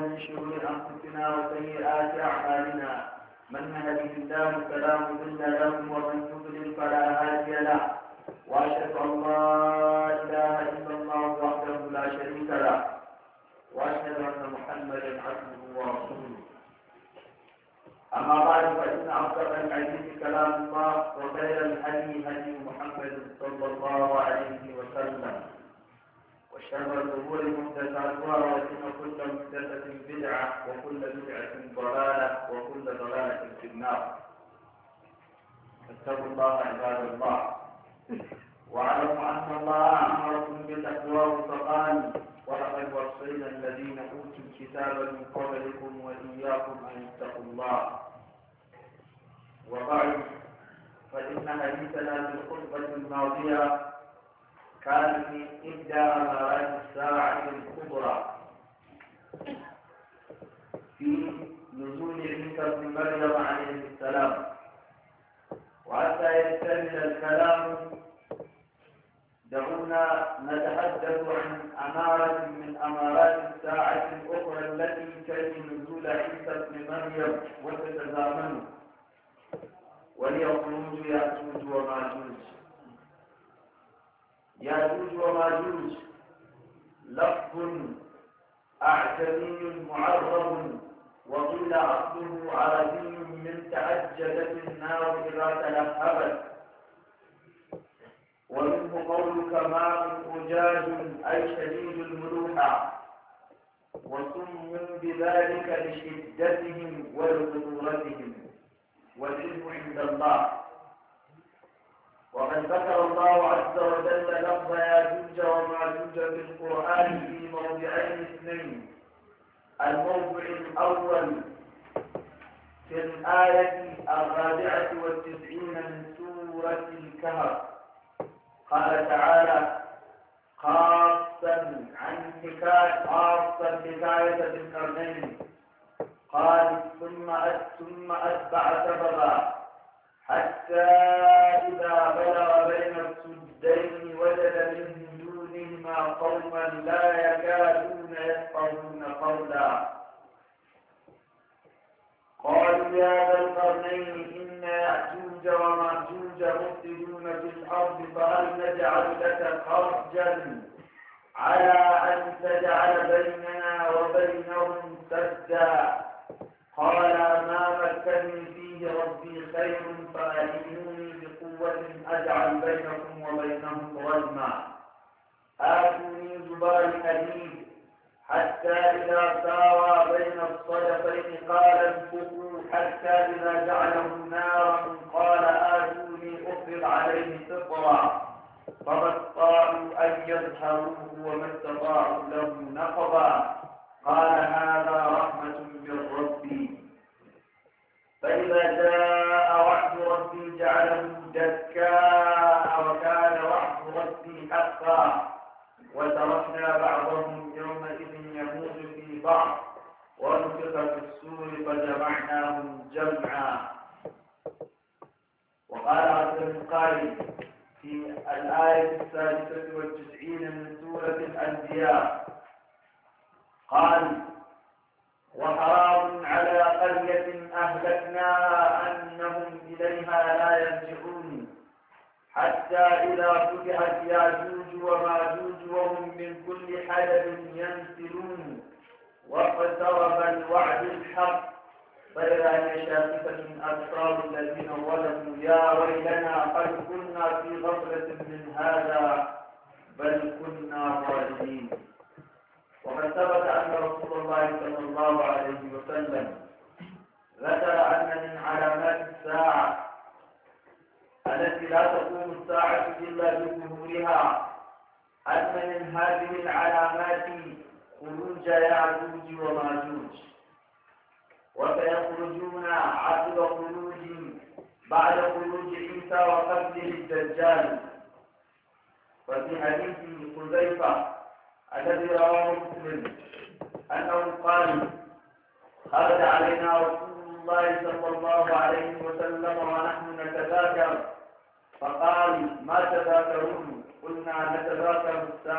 من شرور أنفسنا وسيئات أعمالنا من هدي الله فلا مضل له ومن يضلل فلا هادي له وأشهد أن لا إله إلا الله وحده لا شريك له وأشهد أن محمدا عبده ورسوله أما بعد فإن أصدق الحديث كلام الله وخير الهدي هدي محمد صلى الله شر الأمور محدثاتها ولكن كل محدثة بدعة وكل بدعة ضلالة وكل ضلالة في النار فاتقوا الله عباد الله واعلموا أن الله أمركم بتقواه فقال ولقد وصينا الذين أوتوا الكتاب من قبلكم وإياكم أن اتقوا الله وبعد فإن حديثنا في الخطبة الماضية كان في إحدى أمارات الساعة الكبرى في نزول عيسى بن مريم عليه السلام وحتى يكتمل الكلام دعونا نتحدث عن أمارة من أمارات الساعة الأخرى التي كان نزول عيسى بن مريم وتتزامنه وليخرج خروج يأجوج وماجوج ياجوج وماجوج لفظ أعجمي معرب وقيل عقله عربي من تعجلت النار إذا تلهبت ومنه قولك ماء أجاج أي شديد الملوحة وسموا بذلك لشدتهم ولقدرتهم والعلم عند الله وقد ذكر الله عز وجل لفظ يا وما جوج في القرآن في موضعين اثنين الموضع الأول في الآية الرابعة والتسعين من سورة الكهف قال تعالى خاصا عن حكاية خاصا حكاية ذي القرنين قال ثم أتبع سببا حتى إذا بلغ بين السدين وجد من دونهما قوما لا يكادون يفقهون قولا قالوا يا ذا القرنين إن يأجوج ومأجوج مفسدون في الأرض فهل نجعل لك خرجا على أن تجعل بيننا وبينهم سدا قال يمسني فيه ربي خير فأعينوني بقوة أجعل بينكم وبينهم رجما آتوني زبار الحديد حتى إذا ساوى بين الصدفين قال انفقوا حتى إذا جعله النار حقا وتركنا بعضهم يومئذ يموت في بعض ونفق في السور فجمعناهم جمعا وقال عبد القاري في الآية السادسة والتسعين من سورة الأنبياء قال وحرام على قرية أهلكناها أنهم إليها لا يرجعون حتى إذا فتحت ياجوج وماجوج وهم من كل حدب ينسلون واقترب الوعد الحق فإذا أن شاكسة من أبصار الذين ظلموا يا ويلنا قد كنا في غفلة من هذا بل كنا ظالمين وقد ثبت أن رسول الله صلى الله عليه وسلم ذكر أن من علامات الساعة التي لا تقوم الساعة إلا بظهورها أن من هذه العلامات خروج يعجوج وماجوج وسيخرجون عقب خروج بعد خروج عيسى وقتله الدجال وفي حديث حذيفة الذي رواه مسلم أنه قال خرج علينا رسول الله صلى الله عليه وسلم ونحن نتذاكر فقال ما تذاكرون قلنا نتذاكر